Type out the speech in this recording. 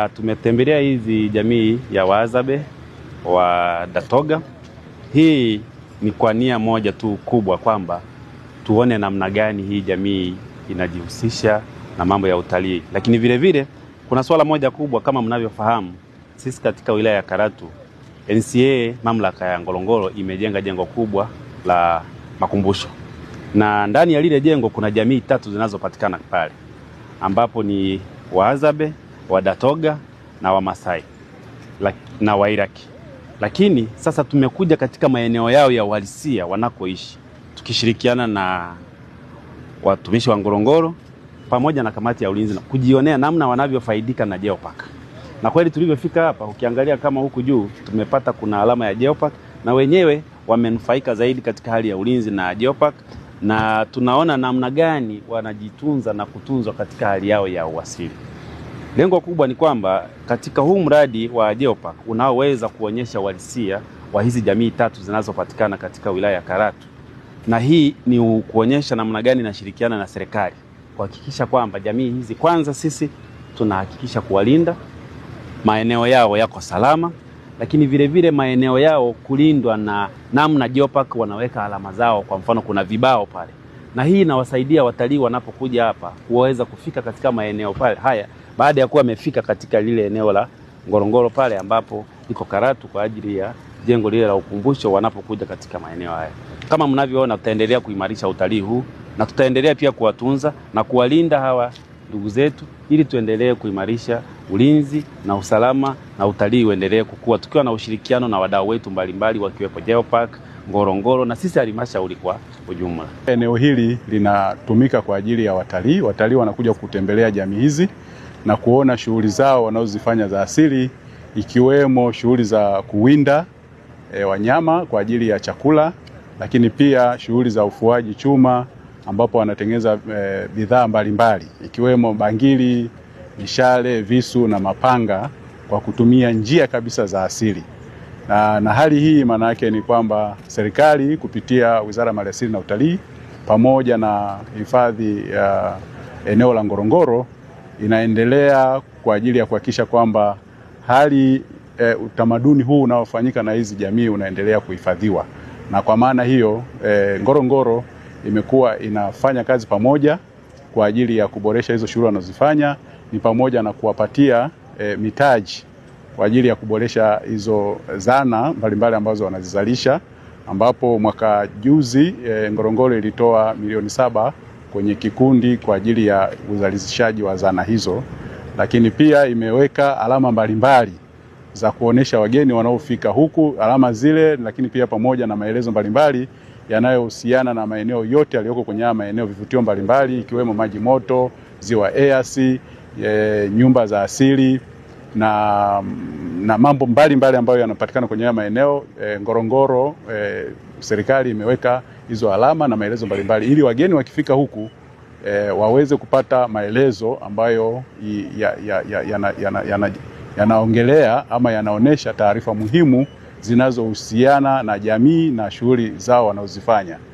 Ah, tumetembelea hizi jamii ya Wazabe wa Datoga. Hii ni kwa nia moja tu kubwa kwamba tuone namna gani hii jamii inajihusisha na mambo ya utalii, lakini vile vile kuna swala moja kubwa kama mnavyofahamu, sisi katika wilaya ya Karatu NCA mamlaka ya Ngorongoro imejenga jengo kubwa la makumbusho, na ndani ya lile jengo kuna jamii tatu zinazopatikana pale ambapo ni Wahadzabe Wadatoga na Wamasai na Wairaki, lakini sasa tumekuja katika maeneo yao ya uhalisia wanakoishi tukishirikiana na watumishi wa Ngorongoro pamoja na kamati ya ulinzi na kujionea namna wanavyofaidika na Geopark. Na kweli tulivyofika hapa, ukiangalia kama huku juu tumepata kuna alama ya Geopark, na wenyewe wamenufaika zaidi katika hali ya ulinzi na Geopark, na tunaona namna gani wanajitunza na kutunzwa katika hali yao ya uasili. Lengo kubwa ni kwamba katika huu mradi wa GeoPark unaoweza kuonyesha uhalisia wa hizi jamii tatu zinazopatikana katika wilaya ya Karatu, na hii ni kuonyesha namna gani inashirikiana na, na serikali kuhakikisha kwamba jamii hizi kwanza sisi tunahakikisha kuwalinda maeneo yao yako salama, lakini vile vile maeneo yao kulindwa na namna GeoPark wanaweka alama zao. Kwa mfano, kuna vibao pale, na hii inawasaidia watalii wanapokuja hapa kuweza kufika katika maeneo pale haya baada ya kuwa amefika katika lile eneo la Ngorongoro pale ambapo iko Karatu kwa ajili ya jengo lile la ukumbusho wanapokuja katika maeneo haya. Kama mnavyoona, tutaendelea kuimarisha utalii huu na tutaendelea pia kuwatunza na kuwalinda hawa ndugu zetu ili tuendelee kuimarisha ulinzi na usalama na utalii uendelee kukua tukiwa na ushirikiano na wadau wetu mbalimbali wakiwepo Geopark Ngorongoro na sisi halmashauri kwa ujumla. Eneo hili linatumika kwa ajili ya watalii. Watalii wanakuja kutembelea jamii hizi na kuona shughuli zao wanazozifanya za asili ikiwemo shughuli za kuwinda e, wanyama kwa ajili ya chakula, lakini pia shughuli za ufuaji chuma ambapo wanatengeneza e, bidhaa mbalimbali ikiwemo bangili, mishale, visu na mapanga kwa kutumia njia kabisa za asili na, na hali hii maana yake ni kwamba serikali kupitia Wizara ya Maliasili na Utalii pamoja na hifadhi ya eneo la Ngorongoro inaendelea kwa ajili ya kuhakikisha kwamba hali e, utamaduni huu unaofanyika na hizi jamii unaendelea kuhifadhiwa, na kwa maana hiyo e, Ngorongoro imekuwa inafanya kazi pamoja kwa ajili ya kuboresha hizo shughuli wanazofanya, ni pamoja na kuwapatia e, mitaji kwa ajili ya kuboresha hizo zana mbalimbali ambazo wanazizalisha, ambapo mwaka juzi e, Ngorongoro ilitoa milioni saba kwenye kikundi kwa ajili ya uzalishaji wa zana hizo, lakini pia imeweka alama mbalimbali mbali za kuonesha wageni wanaofika huku alama zile, lakini pia pamoja na maelezo mbalimbali yanayohusiana na maeneo yote yaliyoko kwenye haya maeneo, vivutio mbalimbali ikiwemo maji moto, ziwa EAC, e, eh, nyumba za asili na, na mambo mbalimbali mbali ambayo yanapatikana kwenye haya maeneo e, Ngorongoro e, serikali imeweka hizo alama na maelezo mbalimbali mbali, ili wageni wakifika huku e, waweze kupata maelezo ambayo yanaongelea ya, ya, ya, ya ya ama yanaonesha taarifa muhimu zinazohusiana na jamii na shughuli zao wanazozifanya.